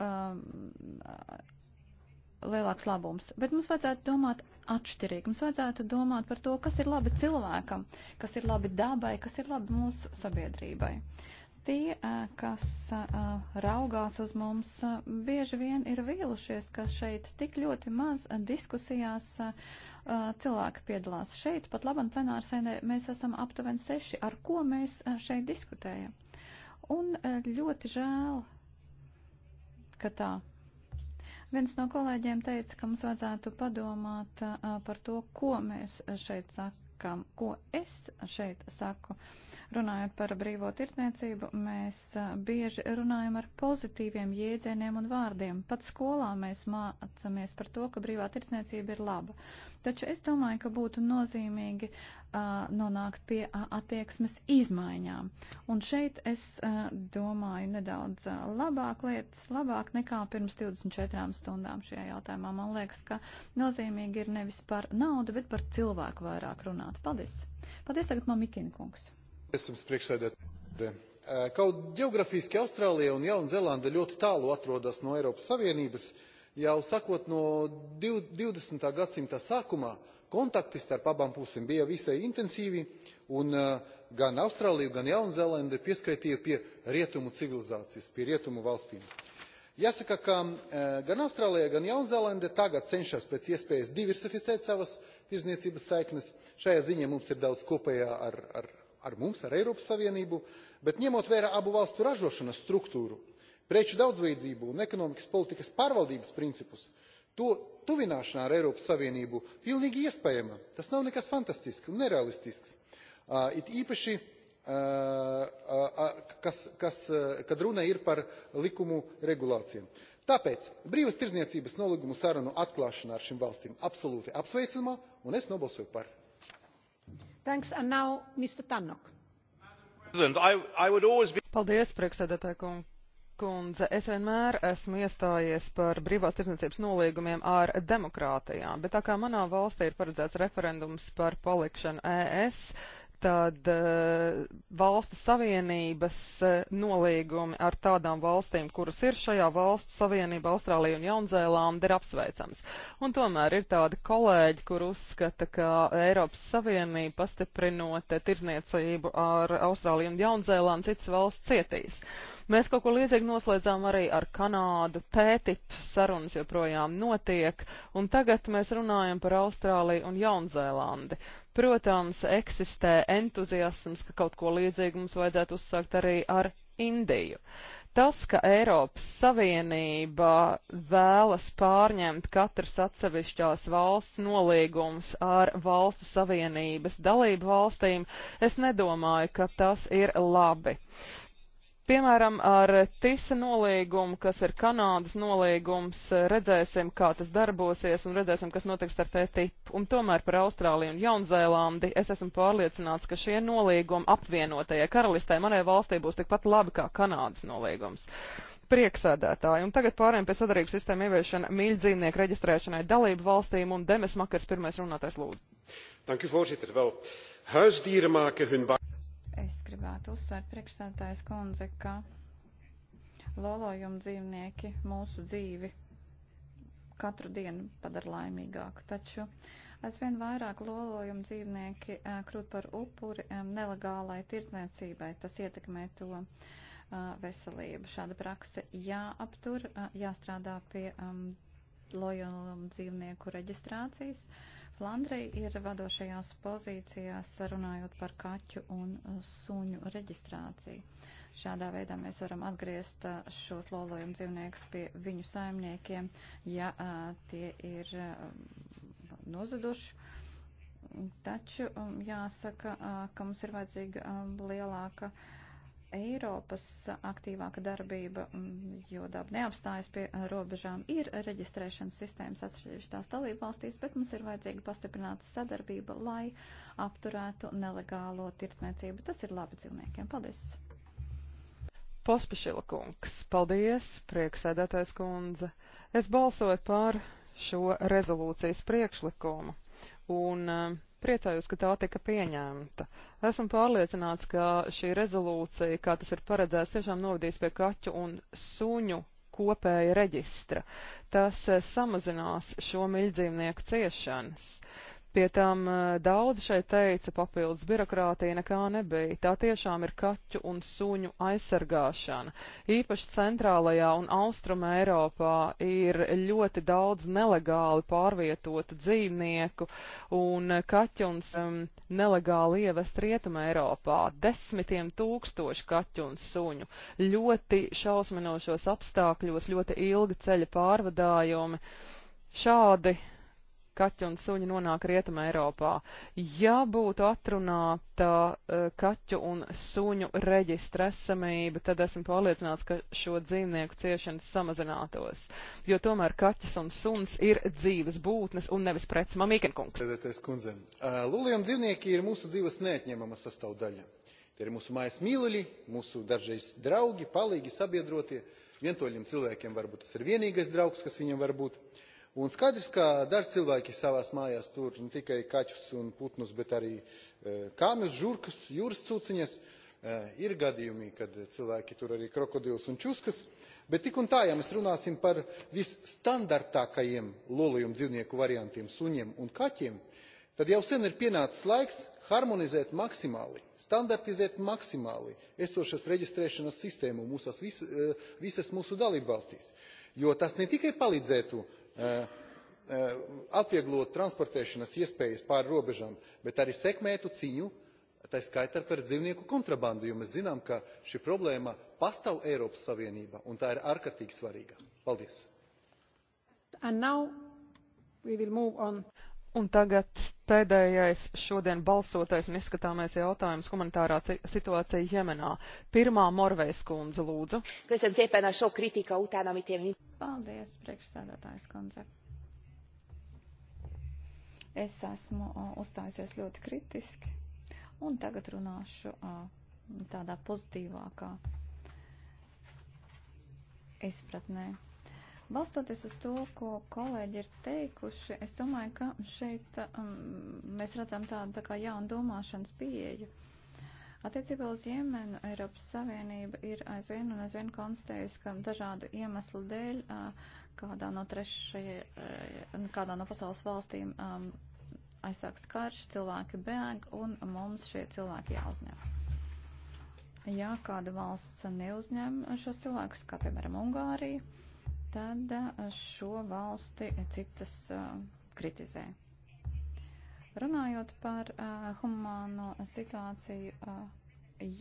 um, lielāks labums? Bet mums vajadzētu domāt atšķirīgi. Mums vajadzētu domāt par to, kas ir labi cilvēkam, kas ir labi dabai, kas ir labi mūsu sabiedrībai tie, kas raugās uz mums, bieži vien ir vīlušies, ka šeit tik ļoti maz diskusijās cilvēki piedalās. Šeit pat labam plenārsēdē mēs esam aptuveni seši, ar ko mēs šeit diskutējam. Un ļoti žēl, ka tā. Viens no kolēģiem teica, ka mums vajadzētu padomāt par to, ko mēs šeit sakām, ko es šeit saku. Uh, Runājot par brīvo tirtniecību, mēs bieži runājam ar pozitīviem jēdzieniem un vārdiem. Pat skolā mēs mācamies par to, ka brīvā tirtniecība ir laba. Taču es domāju, ka būtu nozīmīgi uh, nonākt pie uh, attieksmes izmaiņām. Un šeit es uh, domāju nedaudz uh, labāk lietas, labāk nekā pirms 24 stundām šajā jautājumā. Man liekas, ka nozīmīgi ir nevis par naudu, bet par cilvēku vairāk runāt. Paldies! Paldies tagad man Mikina kungs. Eh, kaut ģeogrāfiski austrālija un jaunzēlande ļoti tālu atrodas no eiropas savienības jau sākot no. divdesmitā gadsimta sākuma kontakti starp abām pusēm bija visai intensīvi un eh, gan austrāliju gan jaunzēlandi pieskaitīja pie rietumu civilizācijas pie rietumu valstīm. jāsaka ka eh, gan austrālija gan jaunzēlande tagad cenšas pēc iespējas diversificēt savas tirdzniecības saiknes. šajā ziņā mums ir daudz kopējā ar ar mums ar Eiropas Savienību, bet ņemot vērā abu valstu ražošanas struktūru, preču daudzveidzību un ekonomikas politikas pārvaldības principus, to tuvināšanā ar Eiropas Savienību pilnīgi iespējama. Tas nav nekas fantastisks un nerealistisks. Uh, it īpaši kas, kas, kad runa ir par likumu regulācijām. Tāpēc brīvas tirzniecības nolīgumu sarunu atklāšana ar šīm valstīm absolūti apsveicama, un es nobalsoju par. Now, Paldies, priekšsēdētāja kundze. Es vienmēr esmu iestājies par brīvās tirdzniecības nolīgumiem ar demokrātijām, bet tā kā manā valstī ir paredzēts referendums par palikšanu ES, Tātad eh, valstu savienības eh, nolīgumi ar tādām valstīm, kuras ir šajā valstu savienība, Austrālija un Jaunzēlanda, ir apsveicams. Un tomēr ir tādi kolēģi, kur uzskata, ka Eiropas Savienība pastiprinot tirzniecību ar Austrāliju un Jaunzēlandu citas valsts cietīs. Uh, Mēs kaut ko līdzīgu noslēdzām arī ar Kanādu. TTIP sarunas joprojām notiek, un tagad mēs runājam par Austrāliju un Jaunzēlandi. Protams, eksistē entuziasms, ka kaut ko līdzīgu mums vajadzētu uzsākt arī ar Indiju. Tas, ka Eiropas Savienība vēlas pārņemt katras atsevišķās valsts nolīgums ar valstu savienības dalību valstīm, es nedomāju, ka tas ir labi. Piemēram, ar TISA nolīgumu, kas ir Kanādas nolīgums, redzēsim, kā tas darbosies un redzēsim, kas notiks ar TTIP. Un tomēr par Austrāliju un Jaunzēlandi es esmu pārliecināts, ka šie nolīgumi apvienotajai karalistē manai valstī būs tikpat labi kā Kanādas nolīgums prieksēdētāji. Un tagad pārējiem pie sadarības sistēma ieviešana mīļdzīvnieku reģistrēšanai dalību valstīm un Demes Makars pirmais runātais lūdzu. Dank u voorzitter. Wel, huisdieren maken hun Es gribētu uzsvērt priekšstādājas kundze, ka lolojuma dzīvnieki mūsu dzīvi katru dienu padara laimīgāku, taču aizvien vairāk lolojuma dzīvnieki krūt par upuri nelegālai tirdzniecībai. Tas ietekmē to veselību. Šāda prakse jāaptur, jāstrādā pie lojuma dzīvnieku reģistrācijas Flandrija ir vadošajās pozīcijās runājot par kaķu un uh, suņu reģistrāciju. Šādā veidā mēs varam atgriezt uh, šos lolojumu dzīvniekus pie viņu saimniekiem, ja uh, tie ir um, nozaduši. Taču um, jāsaka, ka mums ir vajadzīga um, lielāka uh, Eiropas aktīvāka darbība, mm, jo daba neapstājas pie eh, robežām, ir reģistrēšanas sistēmas atšķirīgās dalību valstīs, bet mums ir vajadzīga pastiprināta sadarbība, lai apturētu nelegālo tirdzniecību. Tas ir labi dzīvniekiem. Paldies! Pospešila kungs, paldies, prieksēdētais kundze. Es balsoju par šo rezolūcijas priekšlikumu. Un, uh, priecājos, ka tā tika pieņemta. Esmu pārliecināts, ka šī rezolūcija, kā tas ir paredzēts, tiešām novadīs pie kaķu un suņu kopēja reģistra. Tas eh, samazinās šo miļdzīvnieku ciešanas. Pie tam eh, daudz šeit teica, papildus birokrātija nekā nebija. Tā tiešām ir kaķu un suņu aizsargāšana. Īpaši centrālajā un austruma Eiropā ir ļoti daudz nelegāli pārvietotu dzīvnieku un kaķu un um, nelegāli ievest rietuma Eiropā. Desmitiem tūkstoši kaķu un suņu. Ļoti šausminošos apstākļos, ļoti ilgi ceļa pārvadājumi. Šādi kaķi un suņi nonāk Rietumē Eiropā. Ja būtu atrunāta uh, kaķu un suņu reģistra esamība, tad esmu pārliecināts, ka šo dzīvnieku ciešanas samazinātos, jo tomēr kaķis un suns ir dzīves būtnes un nevis preci. Mamīkenkungs. E, Lūliem dzīvnieki ir mūsu dzīves neatņemama sastāvdaļa. Tie ir mūsu mājas mīluļi, mūsu dažreiz draugi, palīgi, sabiedrotie. Vientuļiem cilvēkiem varbūt tas ir vienīgais draugs, kas viņam var būt Un skaidrs, ka daži cilvēki savās mājās tur ne tikai kaķus un putnus, bet arī e, kāmjus, žurkas, jūras cūciņas. E, ir gadījumi, kad cilvēki tur arī krokodilus un čuskas, bet tik un tā, ja mēs runāsim par visstandartākajiem lolījuma dzīvnieku variantiem, suņiem un kaķiem, tad jau sen ir pienācis laiks harmonizēt maksimāli, standartizēt maksimāli esošas reģistrēšanas sistēmu mūsas, vis, e, visas mūsu dalībvalstīs. Jo tas ne tikai palīdzētu Eh, eh, atvieglotu transportēšanas iespējas pāri robežām bet arī sekmētu cīņu tai skaitā par dzīvnieku kontrabandu jo mēs zinām ka šī problēma pastāv Eiropas Savienībā un tā ir ārkārtīgi svarīga. Paldies! And now we will move on. Un tagad pēdējais šodien balsotais un izskatāmais jautājums - humanitārā situācija Jemenā. Pirmā Morvejas kundze, lūdzu. Paldies, priekšsēdētājs kundze. Es esmu uzstājusies ļoti kritiski un tagad runāšu tādā pozitīvākā izpratnē. Balstoties uz to, ko kolēģi ir teikuši, es domāju, ka šeit um, mēs redzam tādu tā kā jaunu domāšanas pieeju. Attiecībā uz Jemenu Eiropas Savienība ir aizvien un aizvien konstatējusi, ka dažādu iemeslu dēļ uh, kādā no, trešie, uh, kādā no pasaules valstīm um, aizsāks karš, cilvēki bēg un mums šie cilvēki jāuzņem. Ja kāda valsts neuzņem šos cilvēkus, kā piemēram Ungārija, tad eh, šo valsti eh, citas eh, kritizē. Runājot par humāno situāciju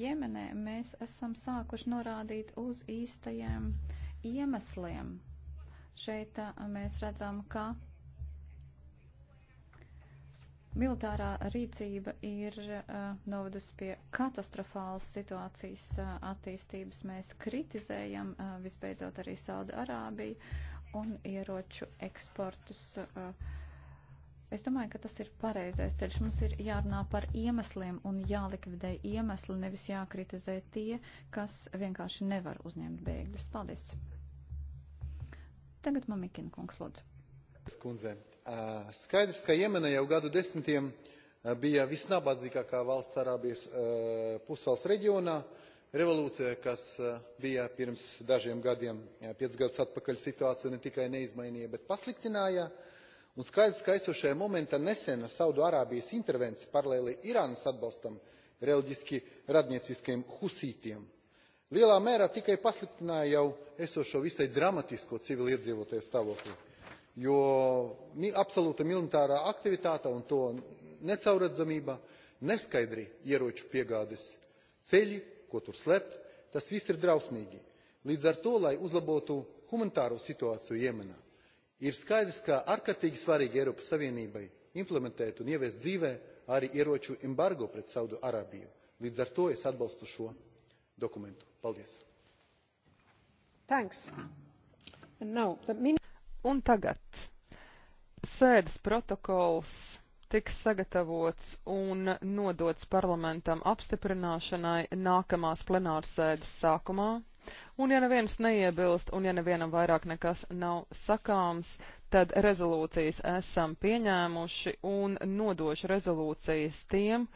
Jemenē, mēs esam sākuši norādīt uz īstajiem iemesliem. Šeit mēs redzam, ka Militārā rīcība ir uh, novedusi pie katastrofālas situācijas uh, attīstības. Mēs kritizējam uh, visbeidzot arī Sauda Arābiju un ieroču eksportus. Uh, Es domāju, ka tas ir pareizais ceļš. Mums ir jārunā par iemesliem un jālikvidē iemesli, nevis jākritizē tie, kas vienkārši nevar uzņemt bēgļus. Paldies! Tagad Mamikina kungs lūdzu. Skundzēm Skaidrs, ka Jemena jau gadu desmitiem bija visnabadzīgākā valsts Arābijas pussalas reģionā. Revolūcija, kas bija pirms dažiem gadiem, piecus gadus atpakaļ, situāciju ne tikai neizmainīja, bet pasliktināja. Un skaidrs, ka esošajā momentā nesena Saudarābijas intervence paralēli Irānas atbalstam reliģiski radnieciskiem husītiem lielā mērā tikai pasliktināja jau esošo visai dramatisko civiliedzīvotāju stāvokli jo absolūta militārā aktivitāte un to necaurredzamība neskaidri ieroču piegādes ceļi ko tur slept tas viss ir drausmīgi. līdz ar to lai uzlabotu humanitāro situāciju jemenā ir skaidrs ka ārkārtīgi svarīgi eiropas savienībai implementēt un ieviest dzīvē arī ieroču embargo pret saudārābiju. līdz ar to es atbalstu šo dokumentu. paldies! Un tagad sēdes protokols tiks sagatavots un nodots parlamentam apstiprināšanai nākamās plenārsēdes sākumā. Un ja neviens neiebilst, un ja nevienam vairāk nekas nav sakāms, tad rezolūcijas esam pieņēmuši un nodošu rezolūcijas tiem,